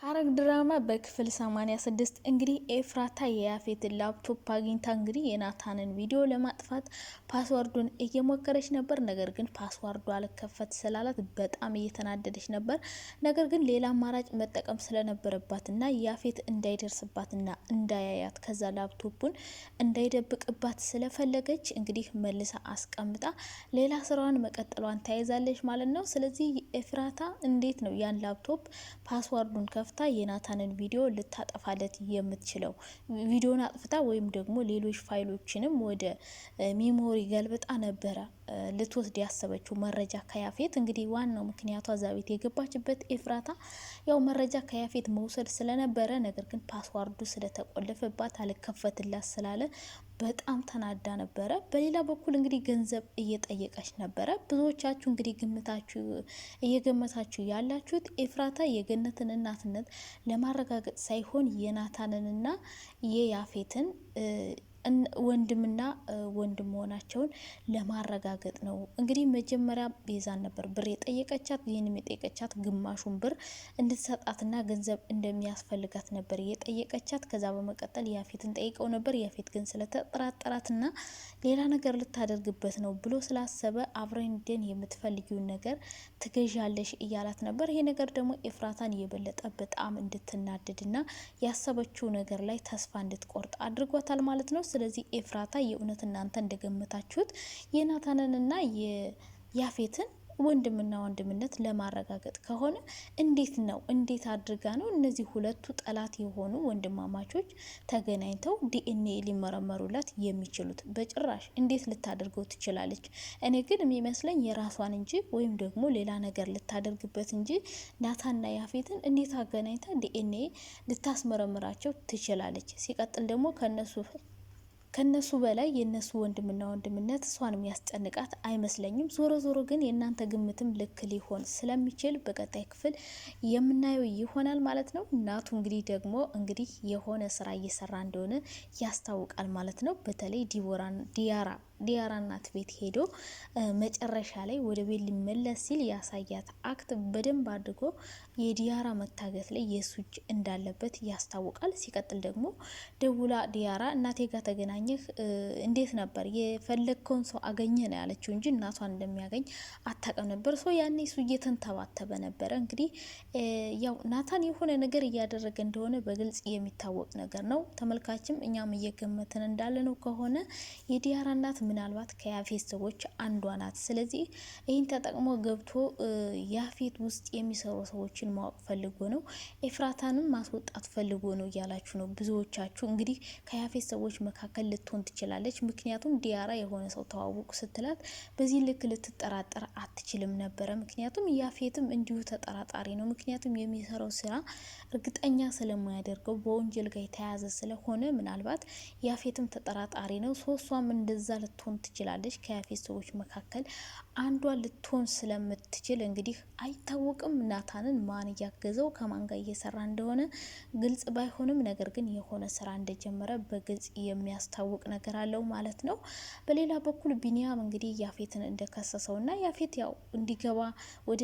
ሐረግ ድራማ በክፍል 86 እንግዲህ ኤፍራታ የያፌትን ላፕቶፕ አግኝታ እንግዲህ የናታንን ቪዲዮ ለማጥፋት ፓስዋርዱን እየሞከረች ነበር። ነገር ግን ፓስዋርዱ አልከፈት ስላላት በጣም እየተናደደች ነበር። ነገር ግን ሌላ አማራጭ መጠቀም ስለነበረባትና ያፌት እንዳይደርስባትና እንዳያያት ከዛ ላፕቶፑን እንዳይደብቅባት ስለፈለገች እንግዲህ መልሳ አስቀምጣ ሌላ ስራዋን መቀጠሏን ተያይዛለች ማለት ነው። ስለዚህ ኤፍራታ እንዴት ነው ያን ላፕቶፕ ፓስዋርዱን ከፍ አጥፍታ የናታንን ቪዲዮ ልታጠፋለት የምትችለው ቪዲዮን አጥፍታ ወይም ደግሞ ሌሎች ፋይሎችንም ወደ ሜሞሪ ገልብጣ ነበረ። ልትወስድ ያሰበችው መረጃ ከያፌት እንግዲህ ዋናው ምክንያቷ እዛ ቤት የገባችበት ኤፍራታ ያው መረጃ ከያፌት መውሰድ ስለነበረ፣ ነገር ግን ፓስዋርዱ ስለተቆለፈባት አልከፈትላት ስላለ በጣም ተናዳ ነበረ። በሌላ በኩል እንግዲህ ገንዘብ እየጠየቀች ነበረ። ብዙዎቻችሁ እንግዲህ ግምታችሁ እየገመታችሁ ያላችሁት ኤፍራታ የገነትን እናትነት ለማረጋገጥ ሳይሆን የናታንንና የያፌትን ወንድምና ወንድም መሆናቸውን ለማረጋገጥ ነው። እንግዲህ መጀመሪያ ቤዛን ነበር ብር የጠየቀቻት። ይህንም የጠየቀቻት ግማሹን ብር እንድትሰጣትና ገንዘብ እንደሚያስፈልጋት ነበር የጠየቀቻት። ከዛ በመቀጠል ያፌትን ጠይቀው ነበር። ያፌት ግን ስለተጠራጠራትና ሌላ ነገር ልታደርግበት ነው ብሎ ስላሰበ አብረን ደን የምትፈልጊውን ነገር ትገዣለሽ እያላት ነበር። ይሄ ነገር ደግሞ ኤፍራታን የበለጠ በጣም እንድትናደድና ያሰበችው ነገር ላይ ተስፋ እንድትቆርጥ አድርጓታል ማለት ነው። ስለዚህ ኤፍራታ የእውነት እናንተ እንደገመታችሁት የናታንንና የያፌትን ወንድምና ወንድምነት ለማረጋገጥ ከሆነ እንዴት ነው እንዴት አድርጋ ነው እነዚህ ሁለቱ ጠላት የሆኑ ወንድማማቾች ተገናኝተው ዲኤንኤ ሊመረመሩላት የሚችሉት? በጭራሽ እንዴት ልታደርገው ትችላለች? እኔ ግን የሚመስለኝ የራሷን እንጂ ወይም ደግሞ ሌላ ነገር ልታደርግበት እንጂ ናታና ያፌትን እንዴት አገናኝታ ዲኤንኤ ልታስመረምራቸው ትችላለች? ሲቀጥል ደግሞ ከነሱ ከነሱ በላይ የእነሱ ወንድምና ወንድምነት እሷን የሚያስጨንቃት አይመስለኝም። ዞሮ ዞሮ ግን የእናንተ ግምትም ልክ ሊሆን ስለሚችል በቀጣይ ክፍል የምናየው ይሆናል ማለት ነው። እናቱ እንግዲህ ደግሞ እንግዲህ የሆነ ስራ እየሰራ እንደሆነ ያስታውቃል ማለት ነው። በተለይ ዲቦራን ዲያራ ዲያራ እናት ቤት ሄዶ መጨረሻ ላይ ወደ ቤት ሊመለስ ሲል ያሳያት አክት በደንብ አድርጎ የዲያራ መታገት ላይ የሱ እጅ እንዳለበት ያስታውቃል። ሲቀጥል ደግሞ ደውላ ዲያራ እናቴ ጋር ተገናኘህ፣ እንዴት ነበር? የፈለግከውን ሰው አገኘ ነው ያለችው እንጂ እናቷን እንደሚያገኝ አታውቅም ነበር። ሰው ያኔ እሱ እየተንተባተበ ነበረ። እንግዲህ ያው ናታን የሆነ ነገር እያደረገ እንደሆነ በግልጽ የሚታወቅ ነገር ነው። ተመልካችም እኛም እየገመትን እንዳለ ነው ከሆነ የዲያራ እናት ምናልባት ከያፌት ሰዎች አንዷ ናት። ስለዚህ ይህን ተጠቅሞ ገብቶ ያፌት ውስጥ የሚሰሩ ሰዎችን ማወቅ ፈልጎ ነው፣ ኤፍራታንም ማስወጣት ፈልጎ ነው እያላችሁ ነው ብዙዎቻችሁ። እንግዲህ ከያፌት ሰዎች መካከል ልትሆን ትችላለች። ምክንያቱም ዲያራ የሆነ ሰው ተዋውቁ ስትላት በዚህ ልክ ልትጠራጠር አትችልም ነበረ። ምክንያቱም ያፌትም እንዲሁ ተጠራጣሪ ነው። ምክንያቱም የሚሰራው ስራ እርግጠኛ ስለማያደርገው በወንጀል ጋር የተያያዘ ስለሆነ ምናልባት ያፌትም ተጠራጣሪ ነው። ሶስቷም እንደዛ ልትሆን ትችላለች። ሰዎች መካከል አንዷ ልትሆን ስለምትችል እንግዲህ አይታወቅም። ናታንን ማን እያገዘው ከማን ጋር እየሰራ እንደሆነ ግልጽ ባይሆንም፣ ነገር ግን የሆነ ስራ እንደጀመረ በግልጽ የሚያስታውቅ ነገር አለው ማለት ነው። በሌላ በኩል ቢኒያም እንግዲህ ያፌትን እንደከሰሰው እና ያፌት ያው እንዲገባ ወደ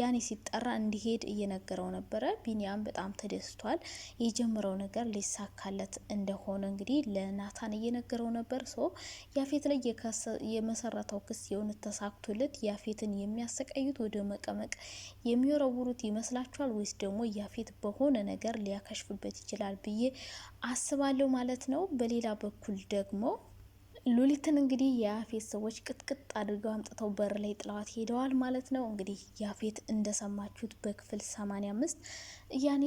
ያኔ ሲጠራ እንዲሄድ እየነገረው ነበረ። ቢኒያም በጣም ተደስቷል። የጀመረው ነገር ሊሳካለት እንደሆነ እንግዲህ ለናታን እየነገረው ነበር። ሶ ያፌት ላይ የመሰረተው ክስ የእውነት ተሳክቶለት ያፌትን የሚያሰቃዩት ወደ መቀመቅ የሚወረውሩት ይመስላችኋል ወይስ ደግሞ ያፌት በሆነ ነገር ሊያከሽፍበት ይችላል ብዬ አስባለሁ ማለት ነው። በሌላ በኩል ደግሞ ሉሊትን እንግዲህ የያፌት ሰዎች ቅጥቅጥ አድርገው አምጥተው በር ላይ ጥለዋት ሄደዋል ማለት ነው። እንግዲህ ያፌት እንደሰማችሁት በክፍል 85 ያኔ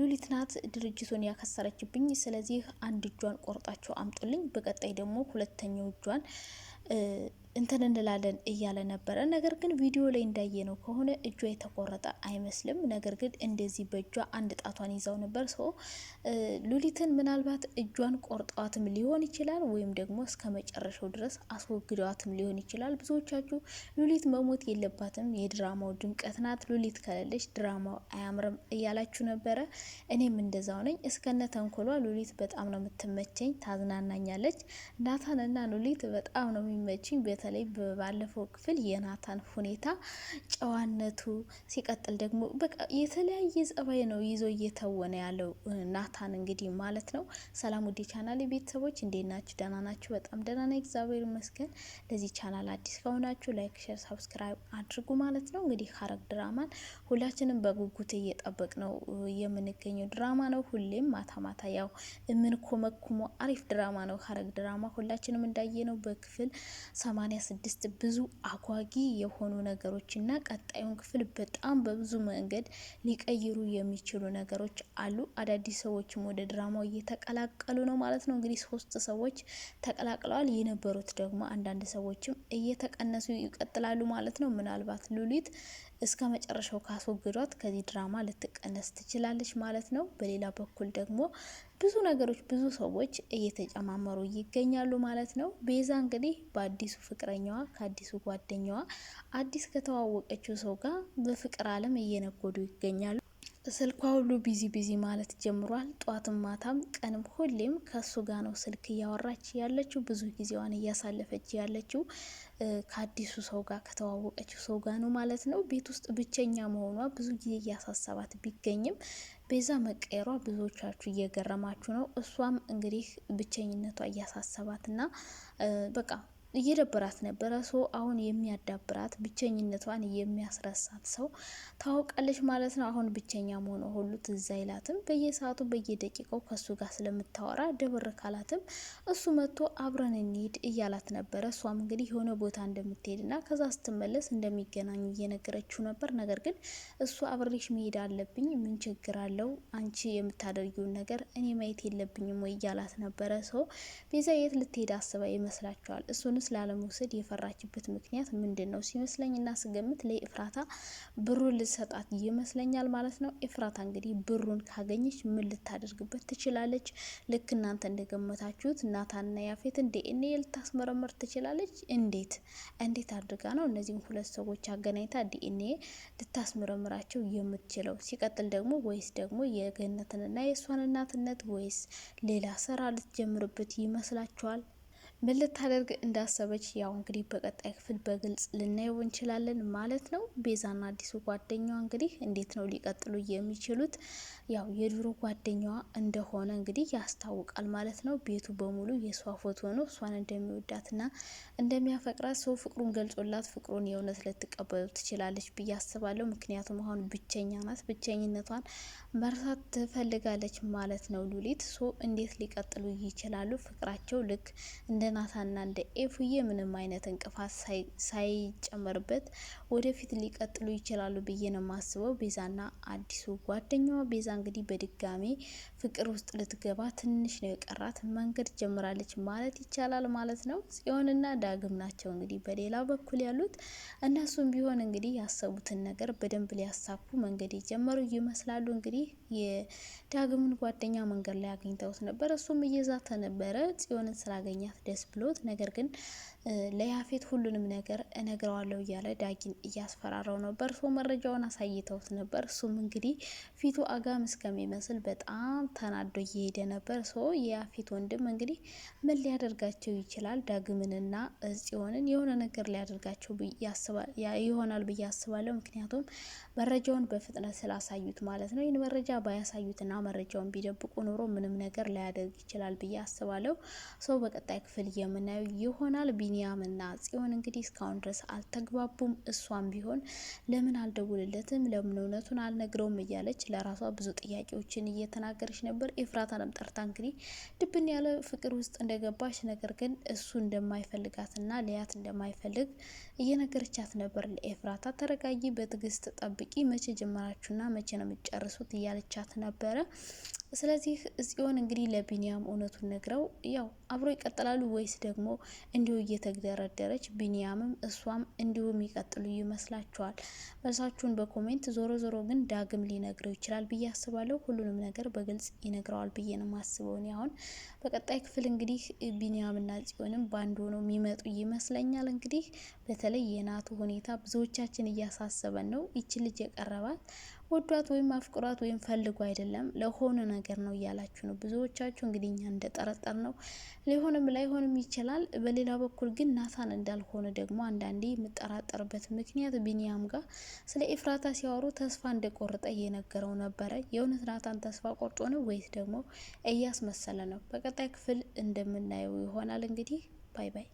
ሉሊት ናት ድርጅቱን ያከሰረችብኝ፣ ስለዚህ አንድ እጇን ቆርጣቸው አምጡልኝ፣ በቀጣይ ደግሞ ሁለተኛው እጇን እንትን እንላለን እያለ ነበረ። ነገር ግን ቪዲዮ ላይ እንዳየነው ከሆነ እጇ የተቆረጠ አይመስልም። ነገር ግን እንደዚህ በእጇ አንድ ጣቷን ይዛው ነበር። ሰ ሉሊትን ምናልባት እጇን ቆርጠዋትም ሊሆን ይችላል፣ ወይም ደግሞ እስከ መጨረሻው ድረስ አስወግደዋትም ሊሆን ይችላል። ብዙዎቻችሁ ሉሊት መሞት የለባትም የድራማው ድምቀት ናት፣ ሉሊት ከሌለች ድራማው አያምርም እያላችሁ ነበረ። እኔም እንደዛው ነኝ። እስከነ ተንኮሏ ሉሊት በጣም ነው የምትመቸኝ፣ ታዝናናኛለች። እና ሉሊት በጣም ነው የሚመችኝ። በተለይ ባለፈው ክፍል የናታን ሁኔታ ጨዋነቱ ሲቀጥል ደግሞ በቃ የተለያየ ጸባይ ነው ይዞ እየተወነ ያለው ናታን እንግዲህ ማለት ነው። ሰላም ውዴ ቻናል ቤተሰቦች እንዴት ናችሁ? ደህና ናችሁ? በጣም ደህና ነኝ እግዚአብሔር ይመስገን። ለዚህ ቻናል አዲስ ከሆናችሁ ላይክ፣ ሼር፣ ሳብስክራይብ አድርጉ ማለት ነው። እንግዲህ ሐረግ ድራማን ሁላችንም በጉጉት እየጠበቅ ነው የምንገኘው ድራማ ነው። ሁሌም ማታ ማታ ያው የምንኮመኩሞ አሪፍ ድራማ ነው ሐረግ ድራማ ሁላችንም እንዳየ ነው በክፍል ሰማ ስድስት ብዙ አጓጊ የሆኑ ነገሮች እና ቀጣዩን ክፍል በጣም በብዙ መንገድ ሊቀይሩ የሚችሉ ነገሮች አሉ። አዳዲስ ሰዎችም ወደ ድራማው እየተቀላቀሉ ነው ማለት ነው። እንግዲህ ሶስት ሰዎች ተቀላቅለዋል። የነበሩት ደግሞ አንዳንድ ሰዎችም እየተቀነሱ ይቀጥላሉ ማለት ነው። ምናልባት ሉሊት እስከ መጨረሻው ካስወግዷት ከዚህ ድራማ ልትቀነስ ትችላለች ማለት ነው። በሌላ በኩል ደግሞ ብዙ ነገሮች ብዙ ሰዎች እየተጨማመሩ ይገኛሉ ማለት ነው። ቤዛ እንግዲህ በአዲሱ ፍቅረኛዋ ከአዲሱ ጓደኛዋ አዲስ ከተዋወቀችው ሰው ጋር በፍቅር አለም እየነጎዱ ይገኛሉ። ስልኳ ሁሉ ቢዚ ቢዚ ማለት ጀምሯል። ጧትም ማታም ቀንም ሁሌም ከሱ ጋር ነው ስልክ እያወራች ያለችው። ብዙ ጊዜዋን እያሳለፈች ያለችው ከአዲሱ ሰው ጋር ከተዋወቀችው ሰው ጋር ነው ማለት ነው። ቤት ውስጥ ብቸኛ መሆኗ ብዙ ጊዜ እያሳሰባት ቢገኝም ቤዛ መቀየሯ ብዙዎቻችሁ እየገረማችሁ ነው። እሷም እንግዲህ ብቸኝነቷ እያሳሰባት እና በቃ እየደበራት ነበረ። ሶ አሁን የሚያዳብራት ብቸኝነቷን የሚያስረሳት ሰው ታውቃለች ማለት ነው። አሁን ብቸኛ መሆኗ ሁሉ ትዝ አይላትም። በየሰዓቱ በየደቂቃው ከሱ ጋር ስለምታወራ ደብር ካላትም እሱ መጥቶ አብረን እንሂድ እያላት ነበረ። እሷም እንግዲህ የሆነ ቦታ ና ከዛ ስትመለስ እንደሚገናኙ እየነገረችው ነበር። ነገር ግን እሱ አብሬሽ መሄድ አለብኝ፣ ምን ችግር አለው? አንቺ የምታደርጊውን ነገር እኔ ማየት የለብኝም ወይ እያላት ነበረ። ሰው ቤዛ የት ልትሄድ አስባ ይመስላችኋል? እሱን ብሩን ስላለመውሰድ የፈራችበት ምክንያት ምንድን ነው እና ስገምት ለኤፍራታ ብሩን ልሰጣት ይመስለኛል ማለት ነው። ኤፍራታ እንግዲህ ብሩን ካገኘች ምን ልታደርግበት ትችላለች? ልክ እናንተ እንደገመታችሁት ናታንና ያፌትን ዲኤንኤ ልታስመረመር ትችላለች። እንዴት እንዴት አድርጋ ነው እነዚህም ሁለት ሰዎች አገናኝታ ዲኤንኤ ልታስመረምራቸው የምትችለው? ሲቀጥል ደግሞ ወይስ ደግሞ የገነትንና የእሷን እናትነት ወይስ ሌላ ስራ ልትጀምርበት ይመስላችኋል? ምን ልታደርግ እንዳሰበች ያው እንግዲህ በቀጣይ ክፍል በግልጽ ልናየው እንችላለን ማለት ነው። ቤዛና አዲሱ ጓደኛዋ እንግዲህ እንዴት ነው ሊቀጥሉ የሚችሉት? ያው የድሮ ጓደኛዋ እንደሆነ እንግዲህ ያስታውቃል ማለት ነው። ቤቱ በሙሉ የእሷ ፎቶ ነው። እሷን እንደሚወዳትና እንደሚያፈቅራት ሰው ፍቅሩን ገልጾላት ፍቅሩን የእውነት ልትቀበሉ ትችላለች ብዬ አስባለሁ። ምክንያቱም አሁን ብቸኛ ናት። ብቸኝነቷን መርሳት ትፈልጋለች ማለት ነው ሉሊት። ሶ እንዴት ሊቀጥሉ ይችላሉ? ፍቅራቸው ልክ እንደ ናታና እንደ ኤፉዬ ምንም አይነት እንቅፋት ሳይጨመርበት ወደፊት ሊቀጥሉ ይችላሉ ብዬ ነው የማስበው። ቤዛና አዲሱ ጓደኛዋ ቤዛ እንግዲህ በድጋሜ ፍቅር ውስጥ ልትገባ ትንሽ ነው የቀራት መንገድ ጀምራለች ማለት ይቻላል ማለት ነው። ጽዮንና ዳግም ናቸው እንግዲህ በሌላ በኩል ያሉት። እነሱም ቢሆን እንግዲህ ያሰቡትን ነገር በደንብ ሊያሳኩ መንገድ የጀመሩ ይመስላሉ። እንግዲህ የዳግምን ጓደኛ መንገድ ላይ አግኝተውት ነበር። እሱም እየዛተ ነበረ ጽዮንን ስላገኛት ደስ ብሎት ነገር ግን ለያፌት ሁሉንም ነገር እነግረዋለሁ እያለ ዳጊን እያስፈራራው ነበር። እሱ መረጃውን አሳይተውት ነበር። እሱም እንግዲህ ፊቱ አጋም እስከሚመስል በጣም ተናዶ እየሄደ ነበር። ሶ የያፌት ወንድም እንግዲህ ምን ሊያደርጋቸው ይችላል? ዳግምንና ጽዮንን የሆነ ነገር ሊያደርጋቸው ይሆናል ብዬ አስባለሁ። ምክንያቱም መረጃውን በፍጥነት ስላሳዩት ማለት ነው። ይህን መረጃ ባያሳዩትና መረጃውን ቢደብቁ ኑሮ ምንም ነገር ሊያደርግ ይችላል ብዬ አስባለሁ። ሰው በቀጣይ ክፍል የምናየው ይሆናል። ቢኒያም እና ጽዮን እንግዲህ እስካሁን ድረስ አልተግባቡም። እሷም ቢሆን ለምን አልደውልለትም፣ ለምን እውነቱን አልነግረውም እያለች ለራሷ ብዙ ጥያቄዎችን እየተናገረች ነበር። ኤፍራታንም ጠርታ እንግዲህ ድብን ያለ ፍቅር ውስጥ እንደገባች ነገር ግን እሱ እንደማይፈልጋትና ሊያት እንደማይፈልግ እየነገረቻት ነበር። ለኤፍራታ ተረጋጊ፣ በትግስት ጠብቂ፣ መቼ ጀመራችሁና መቼ ነው የምትጨርሱት እያለቻት ነበረ። ስለዚህ ጽዮን እንግዲህ ለቢኒያም እውነቱን ነግረው ያው አብሮ ይቀጥላሉ ወይስ ደግሞ እንዲሁ እየተግደረደረች ቢኒያምም እሷም እንዲሁ የሚቀጥሉ ይመስላችኋል? መልሳችሁን በኮሜንት ዞሮ ዞሮ ግን ዳግም ሊነግረው ይችላል ብዬ አስባለሁ። ሁሉንም ነገር በግልጽ ይነግረዋል ብዬ ነው የማስበው። አሁን በቀጣይ ክፍል እንግዲህ ቢኒያምና ጽዮንም በአንድ ሆነው የሚመጡ ይመስለኛል። እንግዲህ በተለይ የናቱ ሁኔታ ብዙዎቻችን እያሳሰበን ነው። ይቺ ልጅ የቀረባት ወዷት ወይም አፍቅሯት ወይም ፈልጎ አይደለም፣ ለሆነ ነገር ነው እያላችሁ ነው ብዙዎቻችሁ። እንግዲህ እኛ እንደጠረጠር ነው ሊሆንም ላይሆንም ይችላል። በሌላ በኩል ግን ናታን እንዳልሆነ ደግሞ አንዳንዴ የምጠራጠርበት ምክንያት ቢኒያም ጋር ስለ ኤፍራታ ሲያወሩ ተስፋ እንደቆረጠ እየነገረው ነበረ። የእውነት ናታን ተስፋ ቆርጦ ነው ወይስ ደግሞ እያስመሰለ ነው? በቀጣይ ክፍል እንደምናየው ይሆናል። እንግዲህ ባይ ባይ።